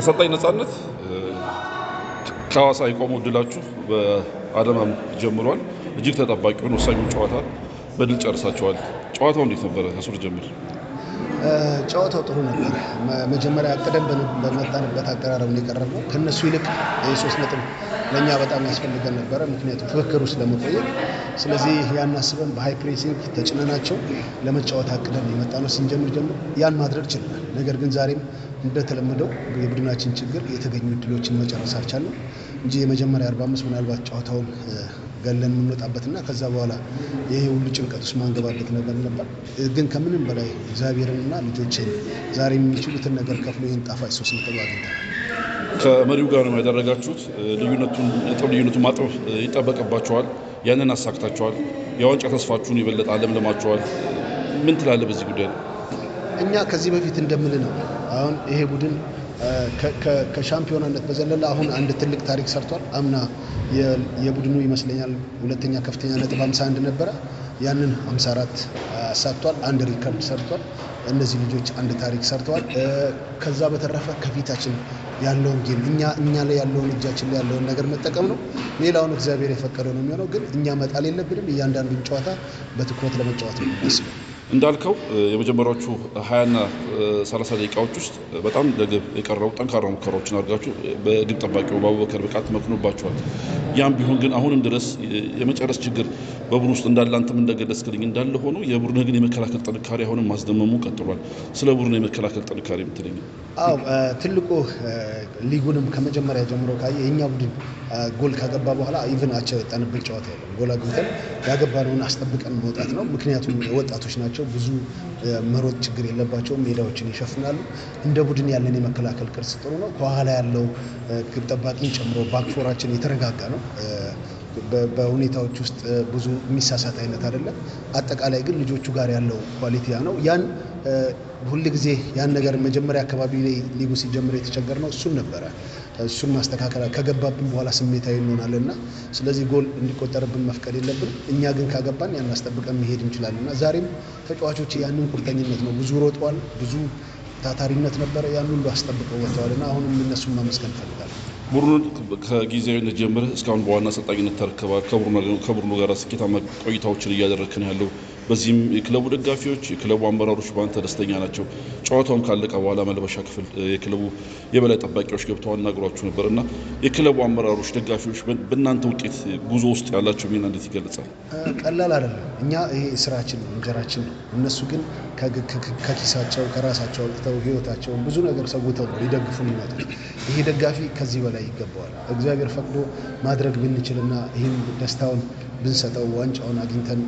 አሰልጣኝ ነጻነት ከሐዋሳ የቆመው ድላችሁ በአዳማም ጀምሯል። እጅግ ተጠባቂውን ወሳኙን ጨዋታ በድል ጨርሳቸዋል። ጨዋታው እንዴት ነበረ? ከሱር ጀምር። ጨዋታው ጥሩ ነበር። መጀመሪያ ቀደም በመጣንበት አቀራረብ ነው የቀረብነው። ከእነሱ ይልቅ የሶስት ነጥብ ለእኛ በጣም ያስፈልገን ነበረ፣ ምክንያቱም ፍክክር ውስጥ ለመቆየት። ስለዚህ ያን አስበን በሃይ ፕሬሲንግ ተጭነናቸው ለመጫወት አቅደን የመጣ ነው። ስንጀምር ጀምር ያን ማድረግ ችለናል። ነገር ግን ዛሬም እንደተለመደው የቡድናችን ችግር የተገኙ እድሎችን መጨረስ አልቻለ እንጂ የመጀመሪያ 45 ምናልባት ጨዋታውን ገለን የምንወጣበትና ከዛ በኋላ ይሄ ሁሉ ጭንቀት ውስጥ ማንገባበት ነገር ነበር። ግን ከምንም በላይ እግዚአብሔርንና ልጆችን ዛሬ የሚችሉትን ነገር ከፍሎ ይህን ጣፋጭ ሶስት ነጥብ አግኝተናል። ከመሪው ጋር ነው ያደረጋችሁት። ልዩነቱን ነጥብ ልዩነቱን ማጥበብ ይጠበቅባቸዋል። ያንን አሳክታቸዋል። የዋንጫ ተስፋችሁን የበለጠ አለም ምን ትላለህ በዚህ ጉዳይ ነው? እኛ ከዚህ በፊት ነው አሁን ይሄ ቡድን ከሻምፒዮናነት በዘለለ አሁን አንድ ትልቅ ታሪክ ሰርቷል። አምና የቡድኑ ይመስለኛል ሁለተኛ ከፍተኛ ነጥብ 51 ነበረ። ያንን 54 አሳቷል። አንድ ሪከርድ ሰርቷል። እነዚህ ልጆች አንድ ታሪክ ሰርተዋል። ከዛ በተረፈ ከፊታችን ያለውን ጌም እኛ እኛ ላይ ያለውን እጃችን ላይ ያለውን ነገር መጠቀም ነው። ሌላውን እግዚአብሔር የፈቀደው ነው የሚሆነው። ግን እኛ መጣል የለብንም። እያንዳንዱን ጨዋታ በትኩረት ለመጫወት ነው። እንዳልከው የመጀመሪያዎቹ ሀያና ሰላሳ ደቂቃዎች ውስጥ በጣም ለግብ የቀረቡ ጠንካራ ሙከራዎችን አድርጋችሁ በግብ ጠባቂው በአቡበከር ብቃት መክኖባቸዋል። ያም ቢሆን ግን አሁንም ድረስ የመጨረስ ችግር በቡድን ውስጥ እንዳለ አንተም እንደገለጽክልኝ እንዳለ ሆኖ የቡድን ግን የመከላከል ጥንካሬ አሁንም ማስደመሙ ቀጥሏል። ስለ ቡድን የመከላከል ጥንካሬ የምትለኝ? አዎ ትልቁ ሊጉንም ከመጀመሪያ ጀምሮ ካየ የእኛ ቡድን ጎል ካገባ በኋላ ኢቭን አቸው የወጣንብን ጨዋታ የለም። ጎል አግብተን ያገባነውን አስጠብቀን መውጣት ነው። ምክንያቱም ወጣቶች ናቸው ናቸው። ብዙ መሮጥ ችግር የለባቸውም። ሜዳዎችን ይሸፍናሉ። እንደ ቡድን ያለን የመከላከል ቅርጽ ጥሩ ነው። ከኋላ ያለው ግብ ጠባቂን ጨምሮ ባክፎራችን የተረጋጋ ነው። በሁኔታዎች ውስጥ ብዙ የሚሳሳት አይነት አይደለም። አጠቃላይ ግን ልጆቹ ጋር ያለው ኳሊቲያ ነው ያን ሁል ጊዜ ያን ነገር መጀመሪያ አካባቢ ላይ ሊጉ ሲጀምር የተቸገር ነው እሱን ነበረ። እሱን ማስተካከል ከገባብን በኋላ ስሜታዊ እንሆናለን እና ስለዚህ ጎል እንዲቆጠርብን መፍቀድ የለብን። እኛ ግን ካገባን ያን አስጠብቀን መሄድ እንችላለን እና ዛሬም ተጫዋቾች ያንን ቁርጠኝነት ነው። ብዙ ሮጠዋል፣ ብዙ ታታሪነት ነበረ። ያን ሁሉ አስጠብቀው ወጥተዋል እና አሁንም እነሱን ማመስገን እፈልጋለሁ። ቡድኑን ከጊዜያዊነት ጀምረህ እስካሁን በዋና አሰልጣኝነት ተረክበሃል። ከቡድኑ ጋር ስኬታማ ቆይታዎችን እያደረክን ያለው በዚህም የክለቡ ደጋፊዎች፣ የክለቡ አመራሮች በአንተ ደስተኛ ናቸው። ጨዋታውም ካለቀ በኋላ መልበሻ ክፍል የክለቡ የበላይ ጠባቂዎች ገብተው አናግሯችሁ ነበር እና የክለቡ አመራሮች፣ ደጋፊዎች በእናንተ ውጤት ጉዞ ውስጥ ያላቸው ሚና እንዴት ይገለጻል? ቀላል አይደለም። እኛ ይሄ ስራችን ነው፣ እንጀራችን ነው። እነሱ ግን ከኪሳቸው ከራሳቸው አውጥተው ህይወታቸውን ብዙ ነገር ሰውተው ነው ሊደግፉ የሚመጡት። ይሄ ደጋፊ ከዚህ በላይ ይገባዋል። እግዚአብሔር ፈቅዶ ማድረግ ብንችልና ይህን ደስታውን ብንሰጠው ዋንጫውን አግኝተን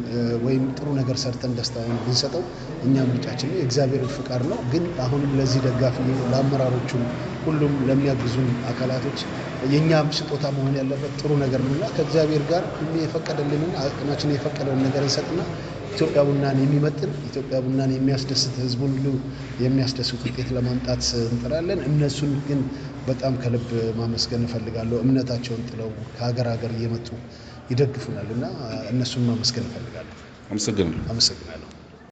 ወይም ጥሩ ነገር ነገር ሰርተን ደስታ ብንሰጠው እኛ ምርጫችን ነው፣ የእግዚአብሔር ፍቃድ ነው። ግን አሁንም ለዚህ ደጋፊ ለአመራሮቹም፣ ሁሉም ለሚያግዙን አካላቶች የእኛ ስጦታ መሆን ያለበት ጥሩ ነገር ነውና ከእግዚአብሔር ጋር የፈቀደልንን አቅማችን የፈቀደውን ነገር እንሰጥና ኢትዮጵያ ቡናን የሚመጥን ኢትዮጵያ ቡናን የሚያስደስት ህዝቡን ሁሉ የሚያስደስት ውጤት ለማምጣት እንጥራለን። እነሱን ግን በጣም ከልብ ማመስገን እፈልጋለሁ። እምነታቸውን ጥለው ከሀገር ሀገር እየመጡ ይደግፉናል እና እነሱን ማመስገን እፈልጋለሁ። am sa gënal am sa gënal